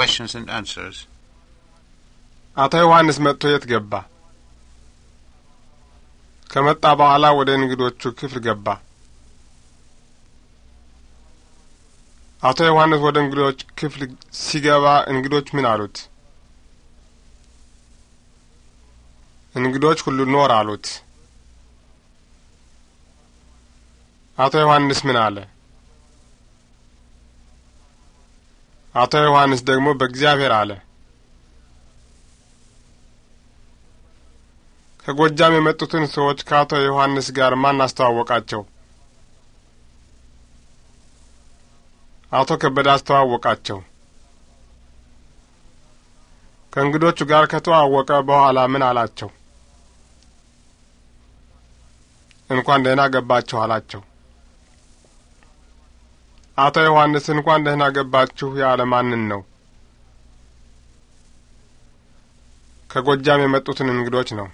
questions and answers. አቶ ዮሐንስ መጥቶ የት ገባ? ከመጣ በኋላ ወደ እንግዶቹ ክፍል ገባ። አቶ ዮሐንስ ወደ እንግዶች ክፍል ሲገባ እንግዶች ምን አሉት? እንግዶች ሁሉ ኖር አሉት። አቶ ዮሐንስ ምን አለ? አቶ ዮሐንስ ደግሞ በእግዚአብሔር አለ። ከጎጃም የመጡትን ሰዎች ከአቶ ዮሐንስ ጋር ማን አስተዋወቃቸው? አቶ ከበደ አስተዋወቃቸው። ከእንግዶቹ ጋር ከተዋወቀ በኋላ ምን አላቸው? እንኳን ደህና ገባችሁ አላቸው። አቶ ዮሐንስ እንኳን ደህና ገባችሁ ያለ ማንን ነው? ከጎጃም የመጡትን እንግዶች ነው።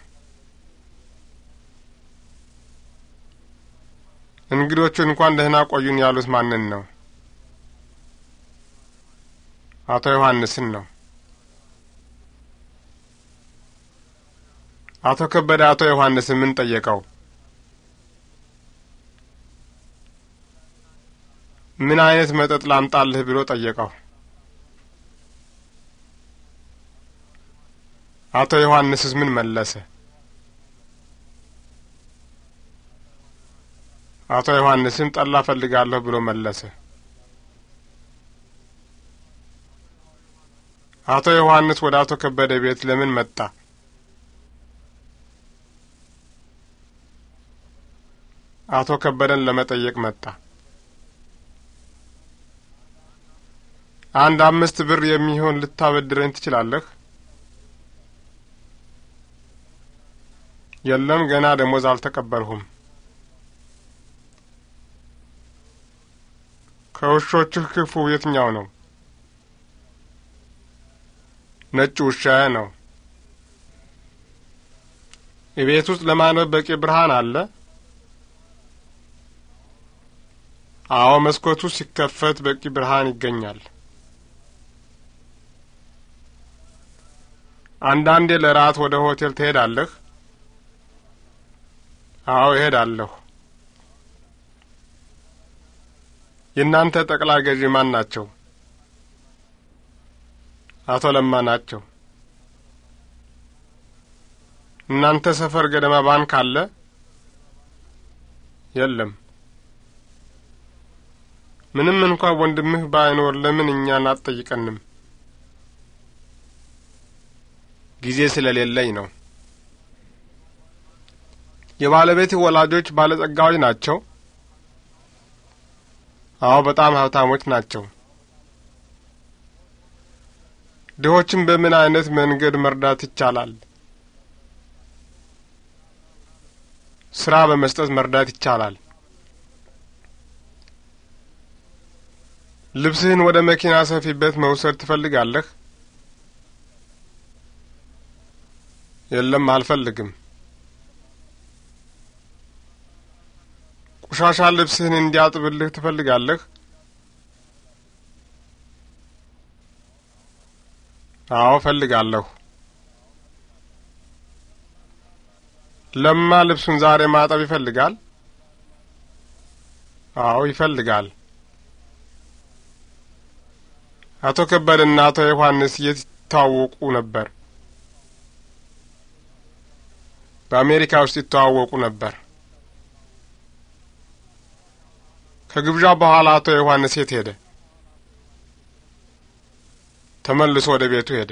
እንግዶቹ እንኳን ደህና ቆዩን ያሉት ማንን ነው? አቶ ዮሐንስን ነው። አቶ ከበደ አቶ ዮሐንስ ምን ጠየቀው? ምን አይነት መጠጥ ላምጣልህ ብሎ ጠየቀው። አቶ ዮሐንስስ ምን መለሰ? አቶ ዮሐንስም ጠላ ፈልጋለሁ ብሎ መለሰ። አቶ ዮሐንስ ወደ አቶ ከበደ ቤት ለምን መጣ? አቶ ከበደን ለመጠየቅ መጣ። አንድ አምስት ብር የሚሆን ልታበድረኝ ትችላለህ? የለም፣ ገና ደሞዝ አልተቀበልሁም። ከውሾችህ ክፉ የትኛው ነው? ነጭ ውሻ ነው። እቤት ውስጥ ለማንበብ በቂ ብርሃን አለ? አዎ፣ መስኮቱ ሲከፈት በቂ ብርሃን ይገኛል። አንዳንዴ ለራት ወደ ሆቴል ትሄዳለህ? አዎ እሄዳለሁ። የእናንተ ጠቅላይ ገዢ ማን ናቸው? አቶ ለማ ናቸው። እናንተ ሰፈር ገደማ ባንክ አለ? የለም። ምንም እንኳ ወንድምህ ባይኖር ለምን እኛን አትጠይቀንም? ጊዜ ስለሌለኝ ነው። የባለቤት ወላጆች ባለጸጋዎች ናቸው? አዎ፣ በጣም ሀብታሞች ናቸው። ድሆችን በምን አይነት መንገድ መርዳት ይቻላል? ስራ በመስጠት መርዳት ይቻላል። ልብስህን ወደ መኪና ሰፊበት መውሰድ ትፈልጋለህ? የለም አልፈልግም። ቆሻሻ ልብስህን እንዲያጥብልህ ትፈልጋለህ? አዎ እፈልጋለሁ። ለማ ልብሱን ዛሬ ማጠብ ይፈልጋል? አዎ ይፈልጋል። አቶ ከበደና አቶ ዮሐንስ የት ይታወቁ ነበር? በአሜሪካ ውስጥ ይተዋወቁ ነበር። ከግብዣ በኋላ አቶ ዮሐንስ የት ሄደ? ተመልሶ ወደ ቤቱ ሄደ።